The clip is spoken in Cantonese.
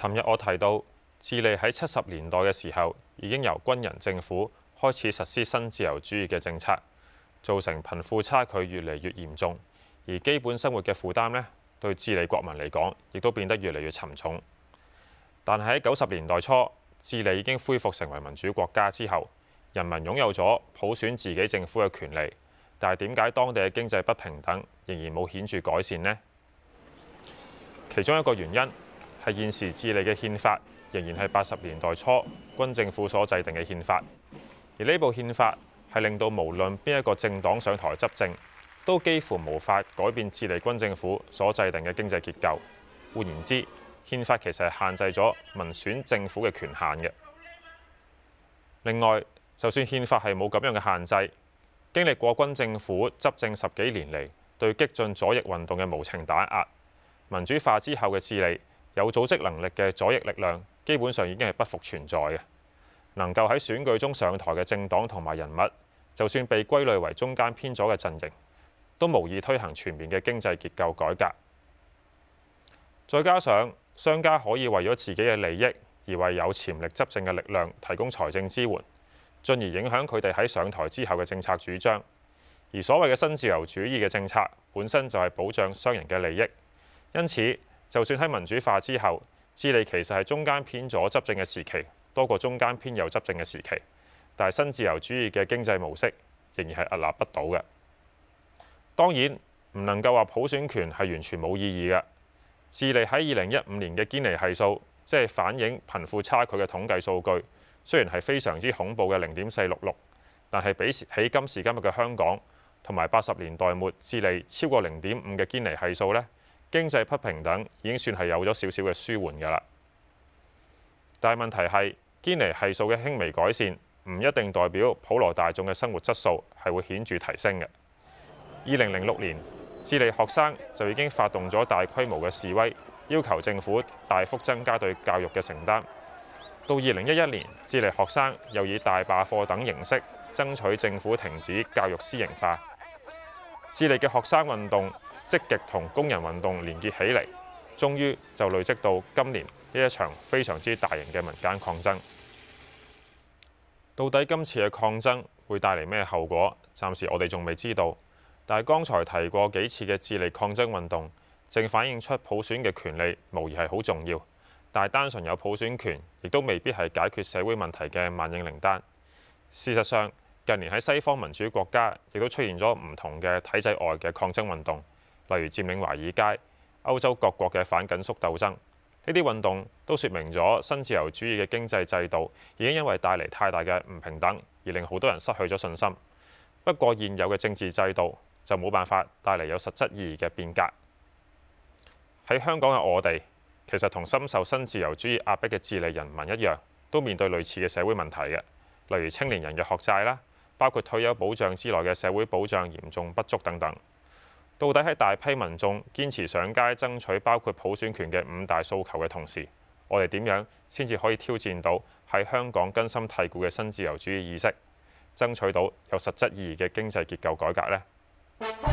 尋日我提到，智利喺七十年代嘅時候已經由軍人政府開始實施新自由主義嘅政策，造成貧富差距越嚟越嚴重，而基本生活嘅負擔呢，對智利國民嚟講亦都變得越嚟越沉重。但喺九十年代初，智利已經恢復成為民主國家之後，人民擁有咗普選自己政府嘅權利。但係點解當地嘅經濟不平等仍然冇顯著改善呢？其中一個原因，係現時智利嘅憲法，仍然係八十年代初軍政府所制定嘅憲法。而呢部憲法係令到無論邊一個政黨上台執政，都幾乎無法改變智利軍政府所制定嘅經濟結構。換言之，憲法其實係限制咗民選政府嘅權限嘅。另外，就算憲法係冇咁樣嘅限制，經歷過軍政府執政十幾年嚟對激進左翼運動嘅無情打壓，民主化之後嘅智利。有組織能力嘅左翼力量基本上已經係不復存在嘅。能夠喺選舉中上台嘅政黨同埋人物，就算被歸類為中間偏左嘅陣營，都無意推行全面嘅經濟結構改革。再加上商家可以為咗自己嘅利益而為有潛力執政嘅力量提供財政支援，進而影響佢哋喺上台之後嘅政策主張。而所謂嘅新自由主義嘅政策本身就係保障商人嘅利益，因此。就算喺民主化之後，智利其實係中間偏左執政嘅時期多過中間偏右執政嘅時期，但係新自由主義嘅經濟模式仍然係屹立不倒嘅。當然唔能夠話普選權係完全冇意義嘅。智利喺二零一五年嘅堅尼係數，即係反映貧富差距嘅統計數據，雖然係非常之恐怖嘅零點四六六，但係比起今時今日嘅香港同埋八十年代末智利超過零點五嘅堅尼係數呢。經濟不平等已經算係有咗少少嘅舒緩㗎啦，但問題係堅尼系數嘅輕微改善唔一定代表普羅大眾嘅生活質素係會顯著提升嘅。二零零六年，智利學生就已經發動咗大規模嘅示威，要求政府大幅增加對教育嘅承擔。到二零一一年，智利學生又以大罷課等形式爭取政府停止教育私營化。智利嘅學生運動積極同工人運動連結起嚟，終於就累積到今年呢一場非常之大型嘅民間抗爭。到底今次嘅抗爭會帶嚟咩後果？暫時我哋仲未知道。但係剛才提過幾次嘅智利抗爭運動，正反映出普選嘅權利無疑係好重要。但係單純有普選權，亦都未必係解決社會問題嘅萬應靈丹。事實上，近年喺西方民主國家亦都出現咗唔同嘅體制外嘅抗爭運動，例如佔領華爾街、歐洲各國嘅反緊縮鬥爭。呢啲運動都説明咗新自由主義嘅經濟制度已經因為帶嚟太大嘅唔平等，而令好多人失去咗信心。不過，現有嘅政治制度就冇辦法帶嚟有實質意義嘅變革。喺香港嘅我哋，其實同深受新自由主義壓迫嘅智利人民一樣，都面對類似嘅社會問題嘅，例如青年人嘅學債啦。包括退休保障之內嘅社會保障嚴重不足等等，到底喺大批民眾堅持上街爭取包括普選權嘅五大訴求嘅同時，我哋點樣先至可以挑戰到喺香港根深蒂固嘅新自由主義意識，爭取到有實質意義嘅經濟結構改革咧？